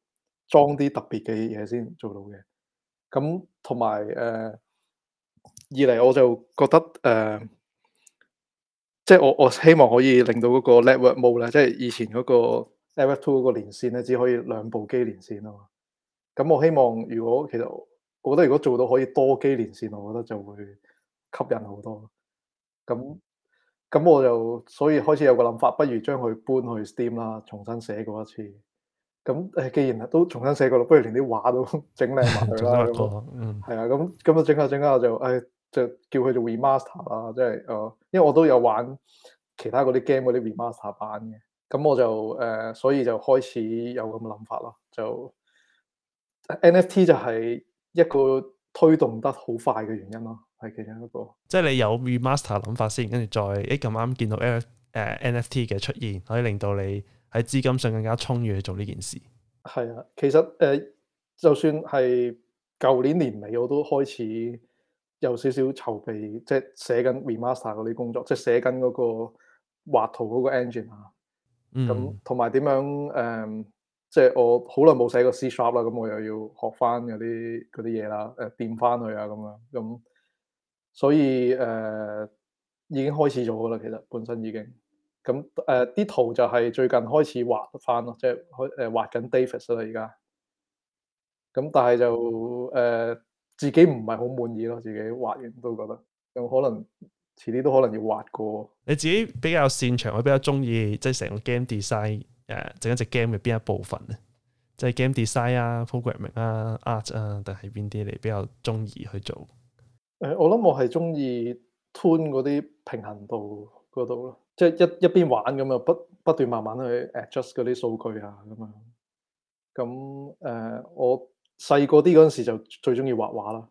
裝啲特別嘅嘢先做到嘅。咁同埋誒二嚟，我就覺得誒。呃即係我我希望可以令到嗰個 network mode 即係以前嗰，那個 LF2 嗰個連線咧，只可以兩部機連線啊嘛。咁我希望如果其實我覺得如果做到可以多機連線，我覺得就會吸引好多。咁咁我就所以開始有個諗法，不如將佢搬去 Steam 啦，重新寫過一次。咁誒、哎，既然都重新寫過啦，不如連啲畫都整靚埋佢啦。 嗯，係、嗯、啊，咁咁啊，整下整下就誒。哎就叫佢做 remaster 啦，即係哦，因為我都有玩其他嗰啲 game 嗰啲 remaster 版嘅，咁我就誒、呃，所以就開始有咁嘅諗法啦。就 NFT 就係一個推動得好快嘅原因咯，係其中一個。即係你有 remaster 諗法先，跟住再誒咁啱見到誒誒 NFT 嘅出現，可以令到你喺資金上更加充裕去做呢件事。係啊，其實誒、呃，就算係舊年年尾，我都開始。有少少籌備，即係寫緊 remaster 嗰啲工作，即係寫緊嗰個畫圖嗰個 engine 啊、嗯。咁同埋點樣？誒、呃，即係我好耐冇寫過 C# 啦，咁我又要學翻嗰啲啲嘢啦，誒，掂翻佢啊，咁樣咁。所以誒，呃、已經開始做噶啦，其實本身已經。咁誒啲圖就係最近開始畫翻咯，即係開誒畫緊 Davis 啦，而家。咁但係就誒。呃自己唔係好滿意咯，自己畫完都覺得，又可能遲啲都可能要畫過。你自己比較擅長，佢比較中意，即係成個 game design，誒，整、啊、一隻 game 嘅邊一部分遊戲設計啊，即係 game design 啊、programming 啊、art 啊，定係邊啲你比較中意去做？誒、呃，我諗我係中意 tune 嗰啲平衡度嗰度咯，即係一一邊玩咁啊，不不斷慢慢去 adjust 嗰啲數據啊咁啊。咁誒、呃，我。細個啲嗰陣時就最中意畫畫啦，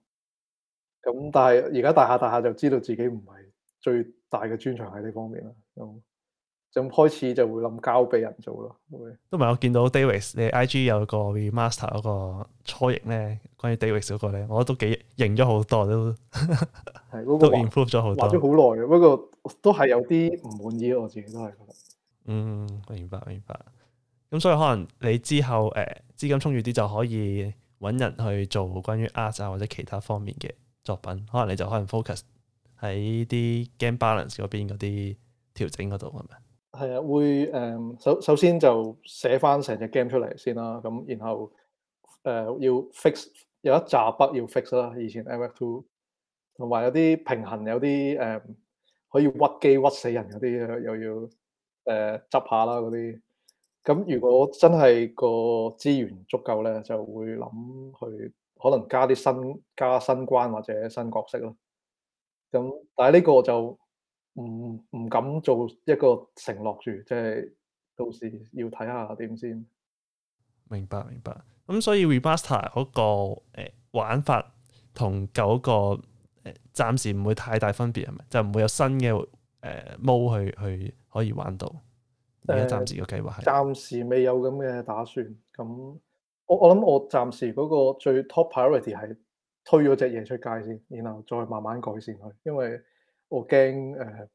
咁但係而家大下大下就知道自己唔係最大嘅專長喺呢方面啦，咁就開始就會諗交俾人做咯。那個。都唔係我見到 Davis，你 IG 有個 remaster 嗰個初型咧，關於 Davis 嗰個咧，我都幾認咗好多都，係嗰個畫、improve 咗好多，好耐嘅，不過都係有啲唔滿意，我自己都係覺得。嗯，明白明白。咁所以可能你之後誒資金充裕啲就可以搵人去做關於 arts 啊，或者其他方面嘅作品，可能你就可能 focus 喺啲 game balance 嗰邊嗰啲調整嗰度咁啊。係啊，會誒首、呃、首先就寫翻成隻 game 出嚟先啦，咁然後誒、呃、要 fix 有一紮 bug 要 fix 啦，以前《MF2》同埋有啲平衡有啲誒、呃、可以屈機屈死人嗰啲又要誒執、呃、下啦嗰啲。咁如果真係個資源足夠咧，就會諗去可能加啲新加新關或者新角色咯。咁但係呢個就唔唔敢做一個承諾住，即係到時要睇下點先。明白明白。咁所以 Remaster 嗰個誒玩法同舊個誒暫時唔會太大分別係咪？就唔會有新嘅誒模去去可以玩到。呃、暫時嘅計劃係暫時未有咁嘅打算。咁我我諗我暫時嗰個最 top priority 係推咗隻嘢出街先，然後再慢慢改善佢。因為我驚誒、呃、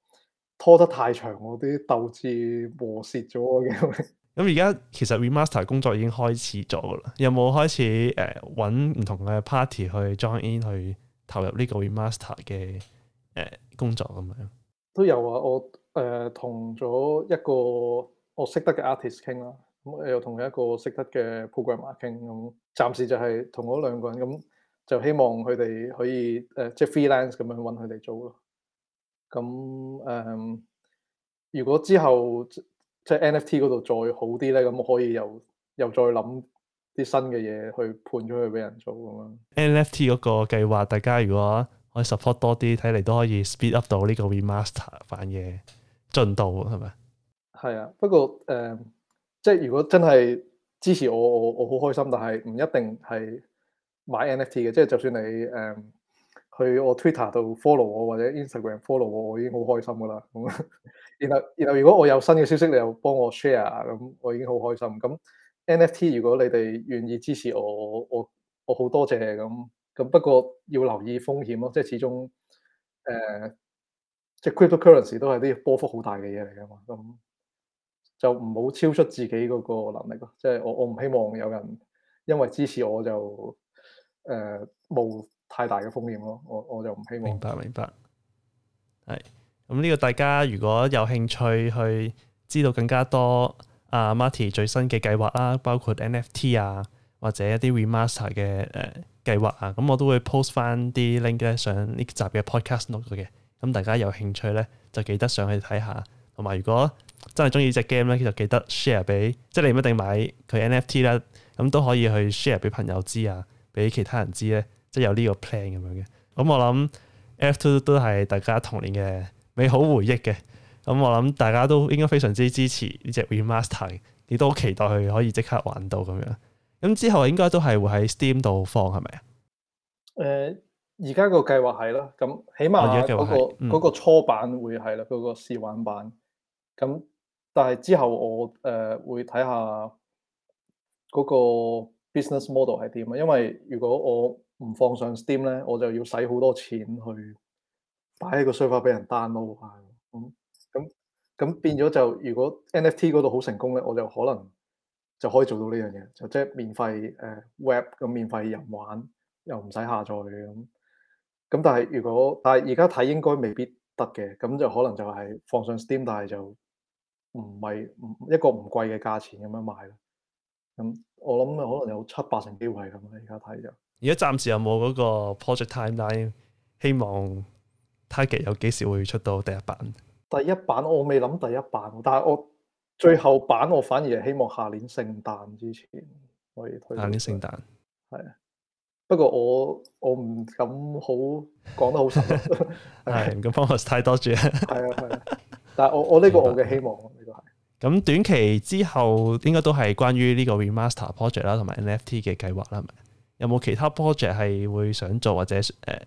拖得太長，我啲鬥志磨蝕咗嘅。咁而家其實 remaster 工作已經開始咗噶啦。有冇開始誒搵唔同嘅 party 去 join in 去投入呢個 remaster 嘅誒、呃、工作咁樣？都有啊，我。誒同咗一個我識得嘅 artist 傾啦，咁又同佢一個識得嘅 programmer 傾咁，暫時就係同嗰兩個人咁，就希望佢哋可以誒、呃、即係 freelance 咁樣揾佢哋做咯。咁誒、呃，如果之後即係 NFT 嗰度再好啲咧，咁可以又又再諗啲新嘅嘢去判出去俾人做咁啊。NFT 嗰個計劃，大家如果可以 support 多啲，睇嚟都可以 speed up 到呢個 remaster 返嘢。進度係咪？係啊，不過誒、呃，即係如果真係支持我，我我好開心。但係唔一定係買 NFT 嘅，即係就算你誒、呃、去我 Twitter 度 follow 我或者 Instagram follow 我，我已經好開心㗎喇、嗯。然後然後如果我有新嘅消息，你又幫我 share，咁我已經好開心。咁 NFT 如果你哋願意支持我，我我好多謝咁。咁不過要留意風險咯，即係始終誒。呃即係 cryptocurrency 都係啲波幅好大嘅嘢嚟㗎嘛，咁就唔好超出自己嗰個能力咯。即係我我唔希望有人因為支持我就誒冒、呃、太大嘅風險咯。我我就唔希望。明白明白。係。咁呢個大家如果有興趣去知道更加多啊，Marti 最新嘅計劃啦、啊，包括 NFT 啊，或者一啲 remaster 嘅誒、呃、計劃啊，咁我都會 post 翻啲 link 咧上呢集嘅 podcast note 嘅。咁大家有興趣咧，就記得上去睇下。同埋如果真係中意呢隻 game 咧，就記得 share 俾，即係你唔一定買佢 NFT 啦，咁都可以去 share 俾朋友知啊，俾其他人知咧，即係有呢個 plan 咁樣嘅。咁我諗 F2 都係大家童年嘅美好回憶嘅。咁我諗大家都應該非常之支持呢隻 Remaster，亦都好期待佢可以即刻玩到咁樣。咁之後應該都係會喺 Steam 度放係咪啊？誒。呃而家、嗰個計劃係啦，咁起碼嗰個個初版會係啦，嗰、嗰個試玩版。咁但係之後我誒、呃、會睇下嗰個 business model 係點啊？因為如果我唔放上 Steam 咧，我就要使好多錢去擺喺個 server 俾人 download 啊。咁咁咁變咗就，如果 NFT 嗰度好成功咧，我就可能就可以做到呢樣嘢，就即、是、係免費誒、呃、web 咁免費人玩，又唔使下載嘅咁。咁但係如果但係而家睇應該未必得嘅，咁就可能就係放上 Steam，但係就唔係一個唔貴嘅價錢咁樣賣咯。咁我諗可能有七八成機會係咁啊！而家睇就而家暫時有冇嗰個 Project Timeline，希望 target 有幾時會出到第一版？第一版我未諗，第一版，但係我最後版我反而係希望下年聖誕之前可以推出。下年聖誕係啊。不過我我唔敢好講得好實，係唔敢 promise 太多住。係啊係啊，但係我我呢個我嘅希望，呢白個係。咁短期之後應該都係關於呢個 remaster project 啦，同埋 NFT 嘅計劃啦，係咪？有冇其他 project 係會想做或者誒、呃、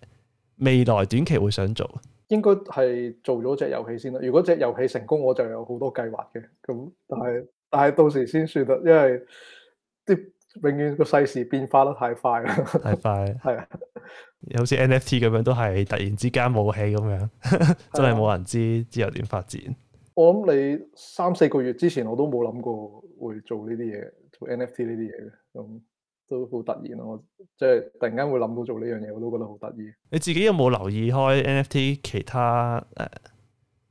未來短期會想做？應該係做咗隻遊戲先啦。如果隻遊戲成功，我就有好多計劃嘅。咁但係但係到時先算啦，因為啲。永遠個世事變化得太快啦，太快係啊， 好似 NFT 咁樣都係突然之間冇起咁樣， 真係冇人知的之後點發展。我諗你三四個月之前我都冇諗過會做呢啲嘢，做 NFT 呢啲嘢嘅咁都好突然咯，我即係突然間會諗到做呢樣嘢，我都覺得好得意。你自己有冇留意開 NFT 其他誒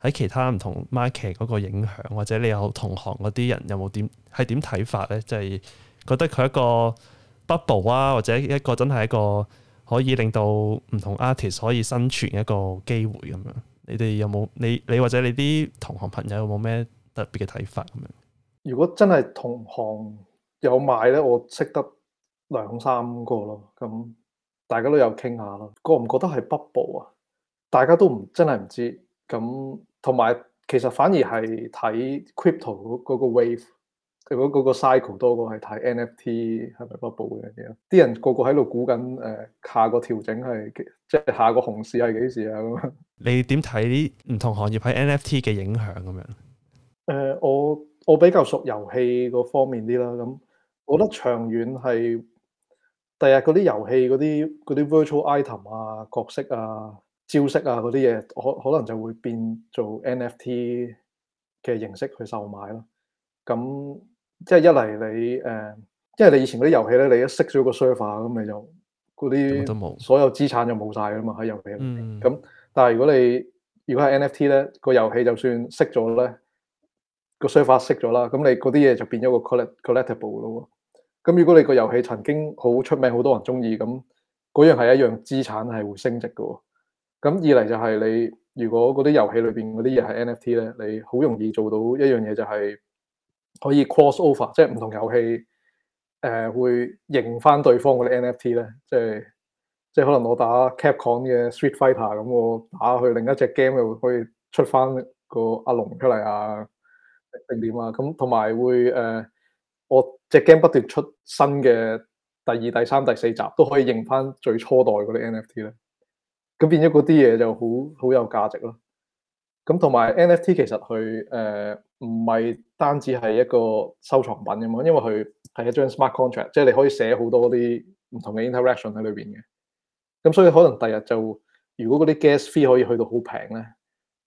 喺其他唔同 market 嗰個影響，或者你有同行嗰啲人有冇點係點睇法咧？即係。覺得佢一個 bubble 啊，或者一個真係一個可以令到唔同 artist 可以生存一個機會咁樣，你哋有冇你你或者你啲同行朋友有冇咩特別嘅睇法咁樣？如果真係同行有買咧，我識得兩三個咯，咁大家都有傾下咯。覺唔覺得係 bubble 啊？大家都唔真係唔知咁，同埋其實反而係睇 crypto 嗰個 wave。如果嗰個 cycle 多過係睇 NFT 係咪不保嘅嘢？啲人個個喺度估緊誒下個調整係即係下個熊市係幾時啊？咁 你點睇唔同行業喺 NFT 嘅影響咁樣？誒、呃，我我比較熟遊戲嗰方面啲啦。咁我覺得長遠係第日嗰啲遊戲嗰啲啲 virtual item 啊、角色啊、招式啊嗰啲嘢，可可能就會變做 NFT 嘅形式去售賣咯。咁即係一嚟你誒，因為你以前嗰啲遊戲咧,你一熄咗個 server 咁咪就嗰啲所有資產就冇晒啦嘛，喺遊戲裏邊。咁、嗯、但係如果你如果係 NFT 咧，個遊戲就算熄咗咧，個 server 熄咗啦，咁你嗰啲嘢就變咗個 collect collectible 咯。咁如果你個遊戲曾經好出名，好多人中意，咁嗰樣係一樣資產係會升值噶。咁二嚟就係你如果嗰啲遊戲裏邊嗰啲嘢係 NFT 咧，你好容易做到一樣嘢就係、是。可以 cross over，即係唔同遊戲誒、呃、會認翻對方嗰啲 NFT 咧，即係即係可能我打 Capcom 嘅 Street Fighter 咁，我打去另一隻 game 又可以出翻個阿龍出嚟啊，定點啊咁，同埋、啊、會誒、呃、我隻 game 不斷出新嘅第二、第三、第四集都可以認翻最初代嗰啲 NFT 咧，咁變咗嗰啲嘢就好好有價值咯。咁同埋 NFT 其實佢誒唔係單止係一個收藏品咁樣，因為佢係一張 smart contract，即係你可以寫好多啲唔同嘅 interaction 喺裏邊嘅。咁所以可能第日就如果嗰啲 gas fee 可以去到好平咧，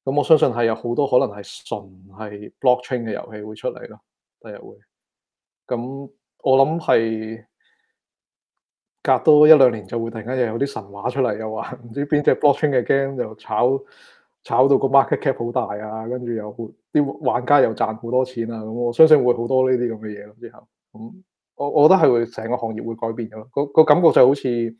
咁我相信係有好多可能係純係 blockchain 嘅遊戲會出嚟咯。第日會，咁我諗係隔多一兩年就會突然間又有啲神話出嚟，又話唔知邊隻 blockchain 嘅 game 又炒。炒到個 market cap 好大啊，跟住又好啲玩家又賺好多錢啊，咁我相信會好多呢啲咁嘅嘢咯。之後，咁我我覺得係會成個行業會改變㗎。個個感覺就好似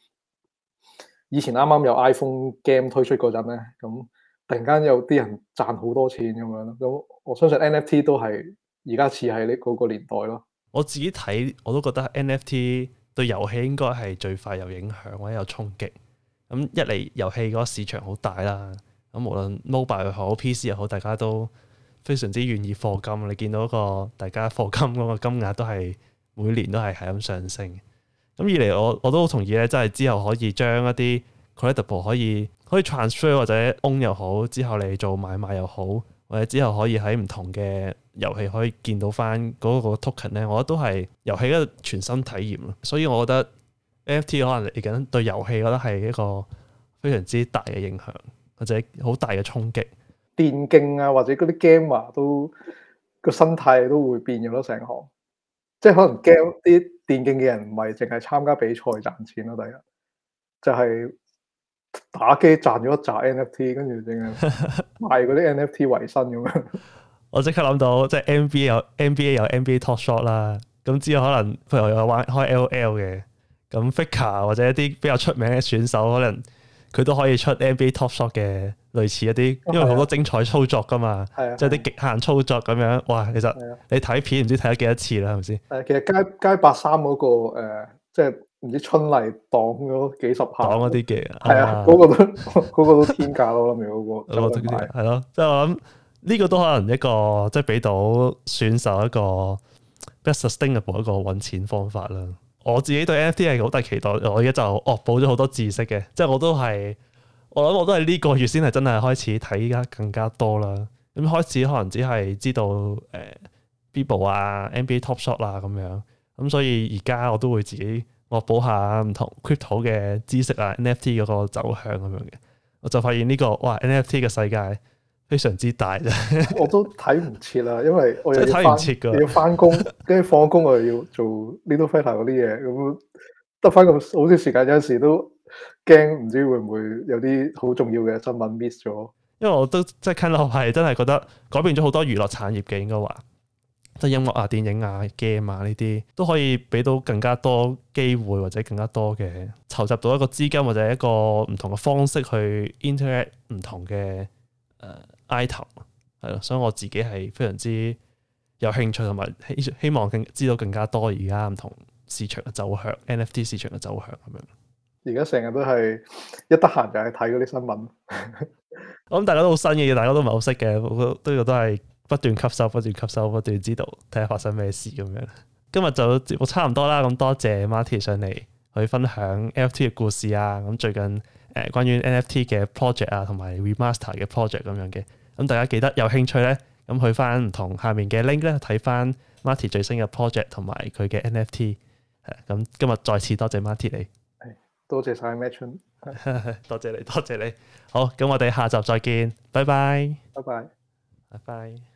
以前啱啱有 iPhone game 推出嗰陣咧，咁突然間有啲人賺好多錢咁樣咯。咁我相信 NFT 都係而家似係呢個個年代咯。我自己睇我都覺得 NFT 對遊戲應該係最快有影響或者有衝擊。咁一嚟遊戲個市場好大啦。咁無論 mobile 又好，PC 又好，大家都非常之願意課金。你見到個大家課金嗰個金額都係每年都係喺咁上升。咁二嚟，我我都好同意咧，即係之後可以將一啲 collectible 可以可以 transfer 或者 own 又好，之後你做買賣又好，或者之後可以喺唔同嘅遊戲可以見到翻嗰個 token 咧，我覺得都係遊戲嘅全新體驗啊。所以我覺得 NFT 可能嚟緊對遊戲覺得係一個非常之大嘅影響。或者好大嘅衝擊，電競啊，或者嗰啲 game 啊，都個生態都會變咗咯，成行。即係可能 game 啲電競嘅人唔係淨係參加比賽賺錢咯，第一就係、是、打機賺咗一紮 NFT，跟住淨係賣嗰啲 NFT 為生咁樣。 我即刻諗到，即、就、係、是、NBA 有 NBA 有 NBA Top Shot 啦，咁之後可能譬如又玩開 LOL 嘅，咁 Faker 或者一啲比較出名嘅選手可能。佢都可以出 NBA Top Shot 嘅，類似一啲，因為好多精彩操作㗎嘛，即係啲極限操作咁樣，哇！其實你睇片唔知睇咗幾多次啦，係咪先？誒，其實街街霸三嗰、那個、呃、即係唔知春麗擋咗幾十下，擋嗰啲嘅，係啊，嗰、啊那個都嗰 都天價咯，咪嗰、 那個咯，即係我諗呢個都可能一個，即係俾到選手一個比較 sustainable 一個揾錢方法啦。我自己對 NFT 係好大期待，我而家就惡、哦、補咗好多知識嘅，即係我都係，我諗我都係呢個月先係真係開始睇依家更加多啦。咁、嗯、開始可能只係知道誒、呃、Beeple 啊、NBA Top Shot 啊咁樣，咁、嗯、所以而家我都會自己惡補下唔同 Crypto 嘅知識啊、NFT 嗰個走向咁樣嘅，我就發現呢、這個哇 NFT 嘅世界。非常之大 我都睇唔切啦，因為我要睇唔切噶， 及 要翻工，跟住放工我又要做 Little Fighter 嗰啲嘢，咁得翻咁少少時間，有陣時都驚唔知會唔會有啲好重要嘅新聞 miss 咗。因為我都即係 kindly 係真係覺得改變咗好多娛樂產業嘅應該話，即係音樂啊、電影啊、game 啊呢啲都可以俾到更加多機會或者更加多嘅籌集到一個資金或者一個唔同嘅方式去 interact 唔同嘅誒。Uh I 頭係咯，所以我自己係非常之有興趣，同埋希希望更知道更加多而家唔同市場嘅走向，NFT 市場嘅走向咁樣。而家成日都係一得閒就去睇嗰啲新聞。 我諗大家都好新嘅嘢，大家都唔係好識嘅，都要都係不斷吸收，不斷吸收，不斷知道睇下發生咩事咁樣。今日就節目差唔多啦，咁多謝 Marti 上嚟去分享 NFT 嘅故事啊，咁最近誒、呃、關於 NFT 嘅 project 啊，同埋 remaster 嘅 project 咁樣嘅、啊。咁大家記得有興趣咧，咁去翻同下面嘅 link 咧睇翻 Marti 最新嘅 project 同埋佢嘅 NFT。咁、啊、今日再次多謝 Marti 你，多謝晒 Marti 多謝你，多謝你。好，咁我哋下集再見，拜拜，拜拜，拜拜。